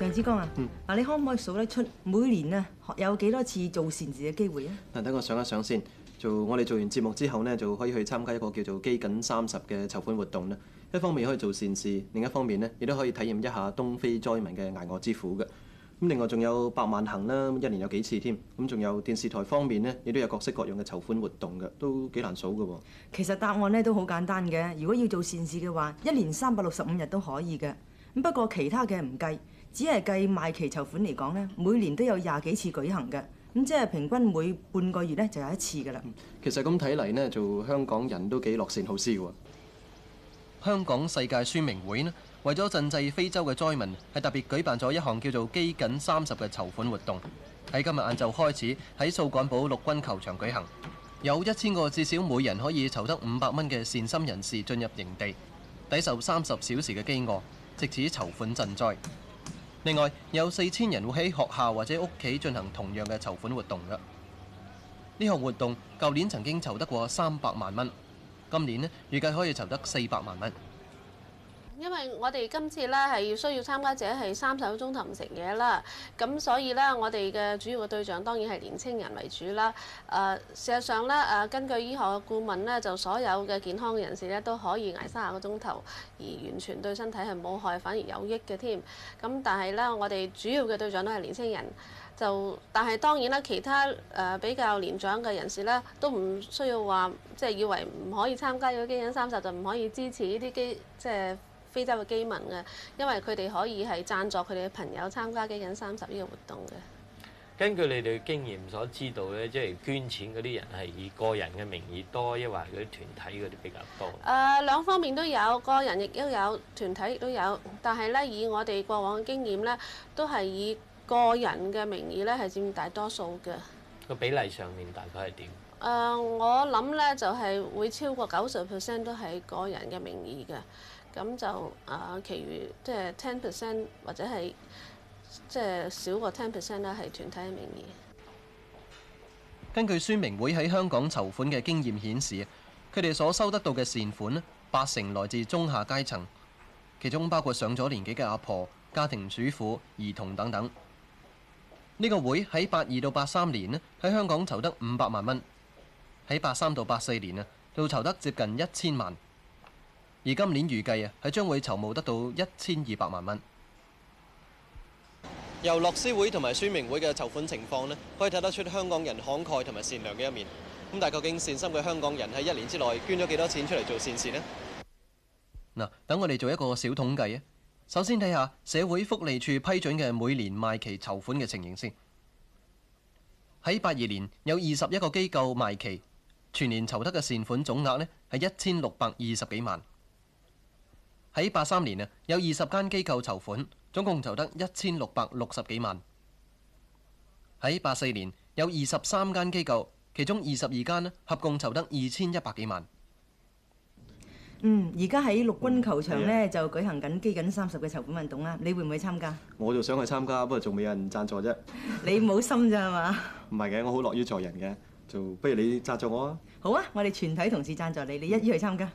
梁子江啊，嗱，你可唔可以數得出每年咧有幾多次做善事嘅機會啊？嗱，等我想一想先。做我哋做完節目之後呢，就可以去參加一個叫做饑饉三十嘅籌款活動啦。一方面可以做善事，另一方面呢，亦都可以體驗一下東非災民嘅挨餓之苦嘅。咁另外仲有百萬行啦，一年有幾次添。咁仲有電視台方面呢，亦都有各式各樣嘅籌款活動嘅，都幾難數嘅喎。其實答案呢都好簡單嘅。如果要做善事嘅話，一年三百六十五日都可以嘅。咁不過其他嘅唔計。只係計賣旗籌款嚟講呢，每年都有廿幾次舉行嘅，咁即係平均每半個月呢就有一次噶啦。其實咁睇嚟呢做香港人都幾樂善好施喎。香港世界宣明會呢，為咗賑濟非洲嘅災民，係特別舉辦咗一項叫做「饑饉三十」嘅籌款活動，喺今日晏晝開始喺掃桿埔陸軍球場舉行，有一千個至少每人可以籌得五百蚊嘅善心人士進入營地，抵受三十小時嘅飢餓，藉此籌款賑災。另外，有四千人會喺學校或者屋企進行同樣嘅籌款活動嘅。呢項活動舊年曾經籌得過三百萬蚊，今年咧預計可以籌得四百萬蚊。因為我哋今次咧係要需要參加者係三十個鐘頭唔食嘢啦，咁所以咧我哋嘅主要嘅對象當然係年青人為主啦。誒、呃，事實上咧誒，根據醫學嘅顧問咧，就所有嘅健康嘅人士咧都可以挨三十個鐘頭，而完全對身體係冇害，反而有益嘅添。咁但係咧，我哋主要嘅對象都係年青人，就但係當然啦，其他誒比較年長嘅人士咧都唔需要話，即係以為唔可以參加嘅饑饉三十就唔可以支持呢啲饑。即係。非洲嘅饑民嘅，因為佢哋可以係贊助佢哋嘅朋友參加饑饉三十呢個活動嘅。根據你哋經驗所知道咧，即係捐錢嗰啲人係以個人嘅名義多，抑或係啲團體嗰啲比較多？誒、uh, 兩方面都有，個人亦都有，團體亦都有。但係咧，以我哋過往嘅經驗咧，都係以個人嘅名義咧係佔大多數嘅。個比例上面大概係點？誒，uh, 我諗咧就係會超過九十 percent 都係個人嘅名義嘅。咁就啊，其餘即係 ten percent 或者係即係少過 ten percent 咧，係團體嘅名義。根據宣明會喺香港籌款嘅經驗顯示，佢哋所收得到嘅善款咧，八成來自中下階層，其中包括上咗年紀嘅阿婆、家庭主婦、兒童等等。呢個會喺八二到八三年咧，喺香港籌得五百萬蚊；喺八三到八四年啊，要籌得接近一千萬。而今年預計啊，係將會籌募得到一千二百萬蚊。由樂施會同埋宣明會嘅籌款情況咧，可以睇得出香港人慷慨同埋善良嘅一面。咁但究竟善心嘅香港人喺一年之內捐咗幾多錢出嚟做善事呢？嗱，等我哋做一個小統計啊。首先睇下社會福利署批准嘅每年賣旗籌款嘅情形先。喺八二年有二十一個機構賣旗，全年籌得嘅善款總額咧，係一千六百二十幾萬。喺八三年啊，有二十間機構籌款，總共籌得一千六百六十幾萬。喺八四年，有二十三間機構，其中二十二間呢，合共籌得二千一百幾萬。嗯，而家喺陸軍球場呢就舉行緊基緊三十饑饉三十嘅籌款運動啊，你會唔會參加？我就想去參加，不過仲未有人贊助啫。你冇心咋嘛？唔係嘅，我好樂於助人嘅，就不如你贊助我啊。好啊，我哋全體同事贊助你，你一於去參加。